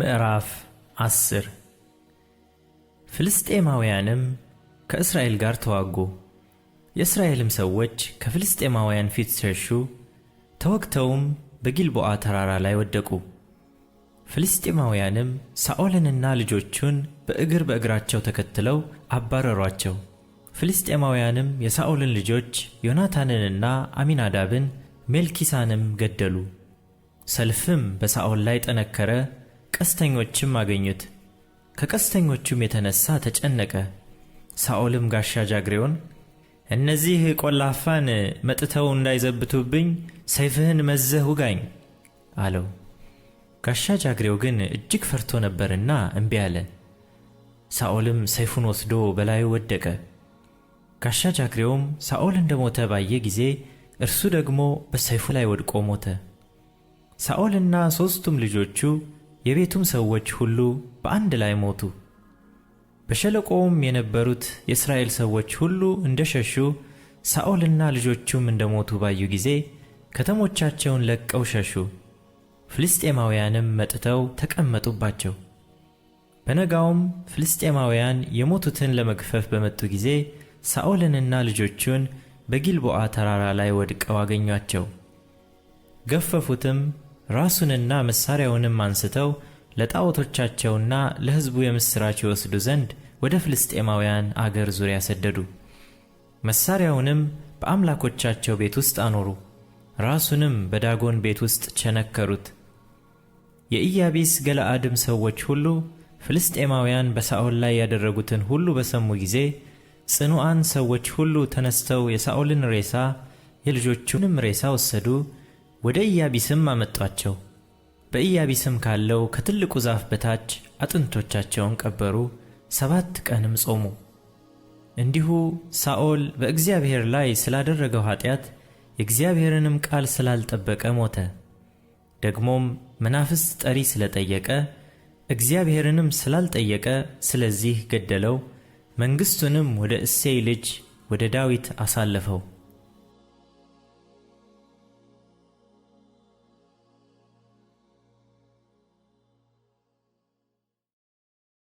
ምዕራፍ አስር ፍልስጤማውያንም ከእስራኤል ጋር ተዋጉ። የእስራኤልም ሰዎች ከፍልስጤማውያን ፊት ሸሹ፣ ተወግተውም በጊልቦዓ ተራራ ላይ ወደቁ። ፍልስጤማውያንም ሳኦልንና ልጆቹን በእግር በእግራቸው ተከትለው አባረሯቸው። ፍልስጤማውያንም የሳኦልን ልጆች ዮናታንንና አሚናዳብን ሜልኪሳንም ገደሉ። ሰልፍም በሳኦል ላይ ጠነከረ፣ ቀስተኞችም አገኙት። ከቀስተኞቹም የተነሳ ተጨነቀ። ሳኦልም ጋሻ ጃግሬውን እነዚህ ቆላፋን መጥተው እንዳይዘብቱብኝ ሰይፍህን መዘህ ውጋኝ አለው። ጋሻ ጃግሬው ግን እጅግ ፈርቶ ነበርና እምቢ አለ። ሳኦልም ሰይፉን ወስዶ በላዩ ወደቀ። ጋሻ ጃግሬውም ሳኦል እንደ ሞተ ባየ ጊዜ እርሱ ደግሞ በሰይፉ ላይ ወድቆ ሞተ። ሳኦልና ሦስቱም ልጆቹ የቤቱም ሰዎች ሁሉ በአንድ ላይ ሞቱ። በሸለቆውም የነበሩት የእስራኤል ሰዎች ሁሉ እንደሸሹ ሳኦልና ልጆቹም እንደሞቱ ባዩ ጊዜ ከተሞቻቸውን ለቀው ሸሹ። ፍልስጤማውያንም መጥተው ተቀመጡባቸው። በነጋውም ፍልስጤማውያን የሞቱትን ለመግፈፍ በመጡ ጊዜ ሳኦልንና ልጆቹን በጊልቦዓ ተራራ ላይ ወድቀው አገኟቸው። ገፈፉትም፣ ራሱንና መሣሪያውንም አንስተው ለጣዖቶቻቸውና ለሕዝቡ የምሥራች ይወስዱ ዘንድ ወደ ፍልስጤማውያን አገር ዙሪያ ሰደዱ። መሣሪያውንም በአምላኮቻቸው ቤት ውስጥ አኖሩ። ራሱንም በዳጎን ቤት ውስጥ ቸነከሩት። የኢያቢስ ገለአድም ሰዎች ሁሉ ፍልስጤማውያን በሳኦል ላይ ያደረጉትን ሁሉ በሰሙ ጊዜ ጽኑዓን ሰዎች ሁሉ ተነስተው የሳኦልን ሬሳ የልጆቹንም ሬሳ ወሰዱ። ወደ ኢያቢስም አመጧቸው። በኢያቢስም ካለው ከትልቁ ዛፍ በታች አጥንቶቻቸውን ቀበሩ፣ ሰባት ቀንም ጾሙ። እንዲሁ ሳኦል በእግዚአብሔር ላይ ስላደረገው ኃጢአት የእግዚአብሔርንም ቃል ስላልጠበቀ ሞተ። ደግሞም መናፍስት ጠሪ ስለጠየቀ እግዚአብሔርንም ስላልጠየቀ ስለዚህ ገደለው። መንግሥቱንም ወደ እሴይ ልጅ ወደ ዳዊት አሳለፈው።